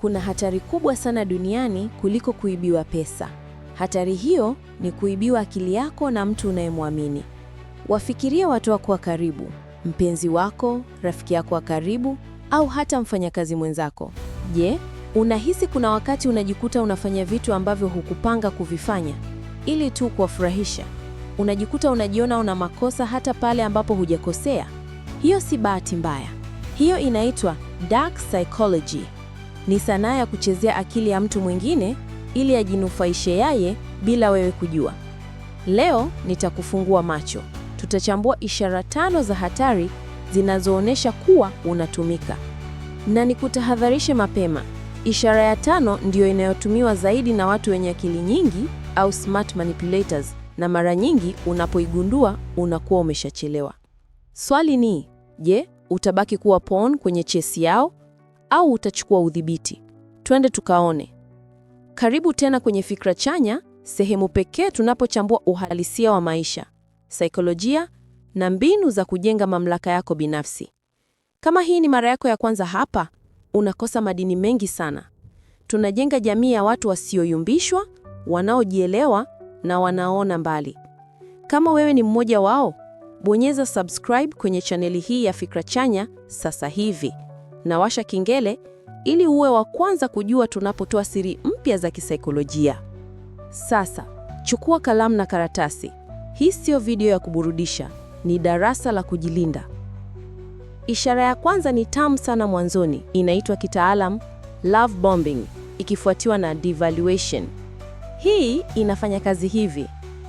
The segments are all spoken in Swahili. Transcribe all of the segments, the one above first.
kuna hatari kubwa sana duniani kuliko kuibiwa pesa. Hatari hiyo ni kuibiwa akili yako na mtu unayemwamini. Wafikirie watu wako wa karibu, mpenzi wako, rafiki yako wa karibu, au hata mfanyakazi mwenzako. Je, unahisi kuna wakati unajikuta unafanya vitu ambavyo hukupanga kuvifanya ili tu kuwafurahisha? Unajikuta unajiona una makosa hata pale ambapo hujakosea? Hiyo si bahati mbaya, hiyo inaitwa dark psychology ni sanaa ya kuchezea akili ya mtu mwingine ili ajinufaishe yeye bila wewe kujua. Leo nitakufungua macho, tutachambua ishara tano za hatari zinazoonyesha kuwa unatumika. Na nikutahadharishe mapema, ishara ya tano ndiyo inayotumiwa zaidi na watu wenye akili nyingi au smart manipulators, na mara nyingi unapoigundua unakuwa umeshachelewa. Swali ni je, utabaki kuwa pawn kwenye chesi yao au utachukua udhibiti? Twende tukaone. Karibu tena kwenye Fikra Chanya, sehemu pekee tunapochambua uhalisia wa maisha, saikolojia na mbinu za kujenga mamlaka yako binafsi. Kama hii ni mara yako ya kwanza hapa, unakosa madini mengi sana. Tunajenga jamii ya watu wasioyumbishwa, wanaojielewa na wanaona mbali. Kama wewe ni mmoja wao, bonyeza subscribe kwenye chaneli hii ya Fikra Chanya sasa hivi na washa kingele ili uwe wa kwanza kujua tunapotoa siri mpya za kisaikolojia. Sasa chukua kalamu na karatasi. Hii siyo video ya kuburudisha, ni darasa la kujilinda. Ishara ya kwanza ni tamu sana mwanzoni, inaitwa kitaalam love bombing, ikifuatiwa na devaluation. Hii inafanya kazi hivi: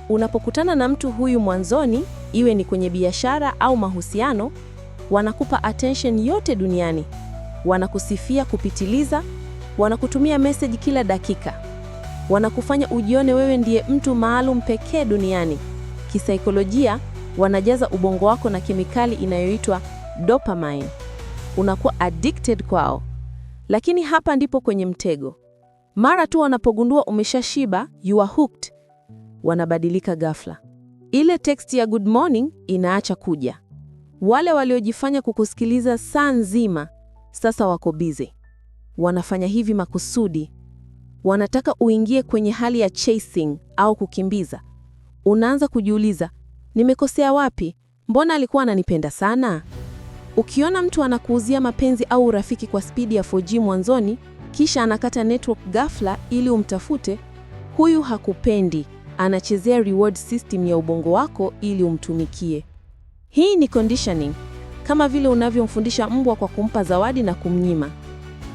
unapokutana na mtu huyu mwanzoni, iwe ni kwenye biashara au mahusiano, wanakupa attention yote duniani wanakusifia kupitiliza, wanakutumia meseji kila dakika, wanakufanya ujione wewe ndiye mtu maalum pekee duniani. Kisaikolojia wanajaza ubongo wako na kemikali inayoitwa dopamine. Unakuwa addicted kwao. Lakini hapa ndipo kwenye mtego. Mara tu wanapogundua umeshashiba, you are hooked, wanabadilika ghafla. Ile text ya good morning inaacha kuja. Wale waliojifanya kukusikiliza saa nzima sasa wako bize. Wanafanya hivi makusudi, wanataka uingie kwenye hali ya chasing au kukimbiza. Unaanza kujiuliza, nimekosea wapi? Mbona alikuwa ananipenda sana? Ukiona mtu anakuuzia mapenzi au urafiki kwa spidi ya 4G mwanzoni, kisha anakata network ghafla ili umtafute, huyu hakupendi, anachezea reward system ya ubongo wako ili umtumikie. Hii ni conditioning kama vile unavyomfundisha mbwa kwa kumpa zawadi na kumnyima.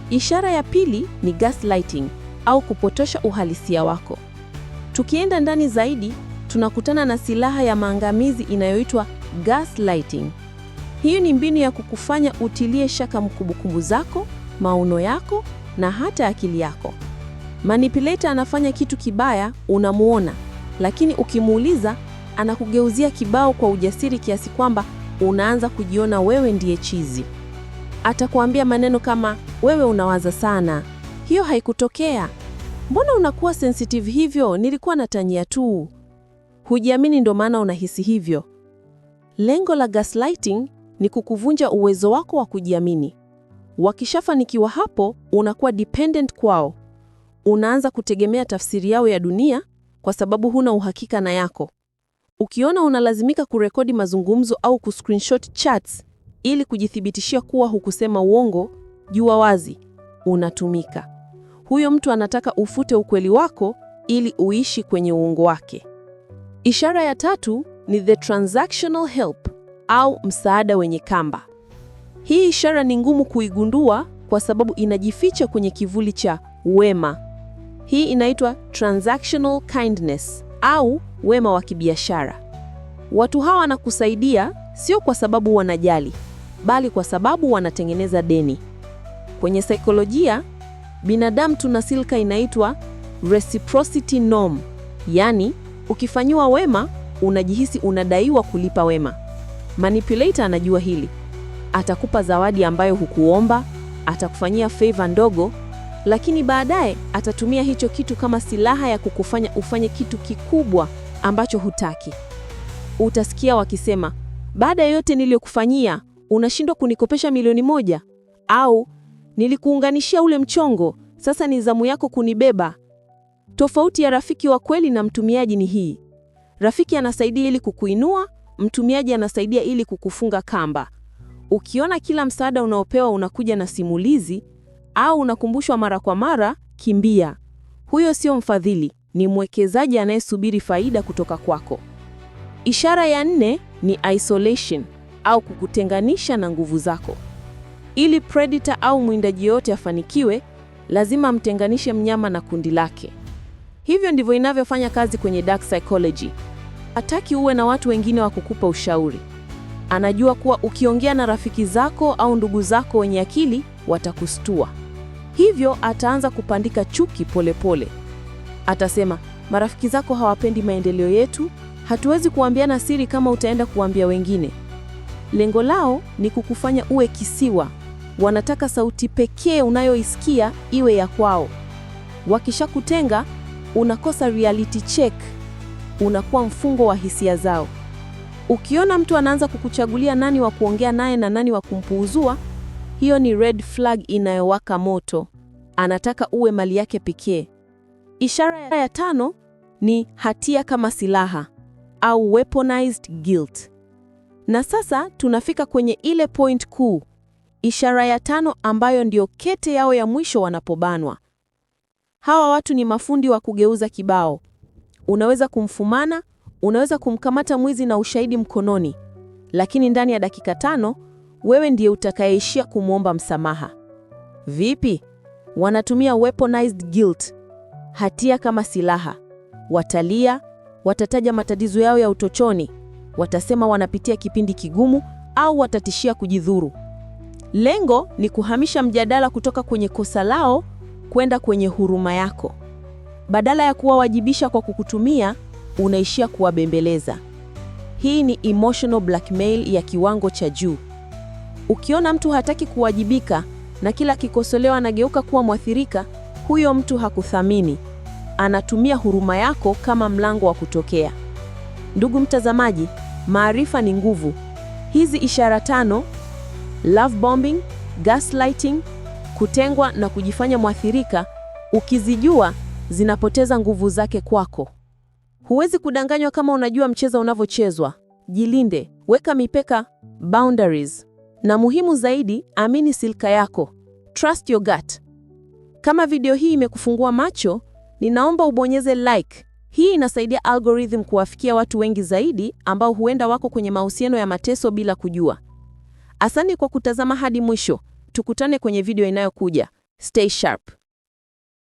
Ishara ya pili ni gaslighting au kupotosha uhalisia wako. Tukienda ndani zaidi, tunakutana na silaha ya maangamizi inayoitwa gaslighting. Hii ni mbinu ya kukufanya utilie shaka kumbukumbu zako, maono yako na hata akili yako. Manipulator anafanya kitu kibaya, unamuona, lakini ukimuuliza anakugeuzia kibao kwa ujasiri kiasi kwamba unaanza kujiona wewe ndiye chizi. Atakuambia maneno kama wewe unawaza sana, hiyo haikutokea, mbona unakuwa sensitive hivyo, nilikuwa natania tu. Hujiamini, ndo maana unahisi hivyo. Lengo la gaslighting ni kukuvunja uwezo wako wa kujiamini. Wakishafanikiwa hapo, unakuwa dependent kwao, unaanza kutegemea tafsiri yao ya dunia kwa sababu huna uhakika na yako. Ukiona unalazimika kurekodi mazungumzo au kuscreenshot chats ili kujithibitishia kuwa hukusema uongo, jua wazi unatumika. Huyo mtu anataka ufute ukweli wako ili uishi kwenye uongo wake. Ishara ya tatu ni the transactional help au msaada wenye kamba. Hii ishara ni ngumu kuigundua kwa sababu inajificha kwenye kivuli cha wema. Hii inaitwa transactional kindness au wema wa kibiashara. Watu hawa wanakusaidia sio kwa sababu wanajali, bali kwa sababu wanatengeneza deni. Kwenye saikolojia, binadamu tuna silka inaitwa reciprocity norm, yaani ukifanyiwa wema unajihisi unadaiwa kulipa wema. Manipulator anajua hili. Atakupa zawadi ambayo hukuomba, atakufanyia favor ndogo lakini baadaye atatumia hicho kitu kama silaha ya kukufanya ufanye kitu kikubwa ambacho hutaki. Utasikia wakisema, baada ya yote niliyokufanyia unashindwa kunikopesha milioni moja? Au nilikuunganishia ule mchongo, sasa ni zamu yako kunibeba. Tofauti ya rafiki wa kweli na mtumiaji ni hii: rafiki anasaidia ili kukuinua, mtumiaji anasaidia ili kukufunga kamba. Ukiona kila msaada unaopewa unakuja na simulizi au unakumbushwa mara kwa mara, kimbia. Huyo sio mfadhili, ni mwekezaji anayesubiri faida kutoka kwako. Ishara ya nne ni isolation au kukutenganisha na nguvu zako. Ili predator au mwindaji yote afanikiwe, lazima amtenganishe mnyama na kundi lake. Hivyo ndivyo inavyofanya kazi kwenye dark psychology. Hataki uwe na watu wengine wa kukupa ushauri. Anajua kuwa ukiongea na rafiki zako au ndugu zako wenye akili watakustua. Hivyo ataanza kupandika chuki polepole pole. Atasema marafiki zako hawapendi maendeleo yetu, hatuwezi kuambiana siri kama utaenda kuambia wengine. Lengo lao ni kukufanya uwe kisiwa. Wanataka sauti pekee unayoisikia iwe ya kwao. Wakishakutenga, unakosa reality check, unakuwa mfungo wa hisia zao. Ukiona mtu anaanza kukuchagulia nani wa kuongea naye na nani wa kumpuuzua, hiyo ni red flag inayowaka moto. Anataka uwe mali yake pekee. Ishara ya tano ni hatia kama silaha au weaponized guilt. Na sasa tunafika kwenye ile point kuu, ishara ya tano ambayo ndio kete yao ya mwisho wanapobanwa. Hawa watu ni mafundi wa kugeuza kibao. Unaweza kumfumana, unaweza kumkamata mwizi na ushahidi mkononi, lakini ndani ya dakika tano wewe ndiye utakayeishia kumwomba msamaha. Vipi? Wanatumia weaponized guilt, hatia kama silaha. Watalia, watataja matatizo yao ya utochoni, watasema wanapitia kipindi kigumu, au watatishia kujidhuru. Lengo ni kuhamisha mjadala kutoka kwenye kosa lao kwenda kwenye huruma yako. Badala ya kuwawajibisha kwa kukutumia, unaishia kuwabembeleza. Hii ni emotional blackmail ya kiwango cha juu. Ukiona mtu hataki kuwajibika na kila akikosolewa anageuka kuwa mwathirika, huyo mtu hakuthamini. Anatumia huruma yako kama mlango wa kutokea. Ndugu mtazamaji, maarifa ni nguvu. Hizi ishara tano: love bombing, gaslighting, kutengwa na kujifanya mwathirika, ukizijua zinapoteza nguvu zake kwako. Huwezi kudanganywa kama unajua mchezo unavyochezwa. Jilinde, weka mipaka, boundaries. Na muhimu zaidi, amini silka yako. Trust your gut. Kama video hii imekufungua macho, ninaomba ubonyeze like. Hii inasaidia algorithm kuwafikia watu wengi zaidi ambao huenda wako kwenye mahusiano ya mateso bila kujua. Asante kwa kutazama hadi mwisho. Tukutane kwenye video inayokuja. Stay sharp.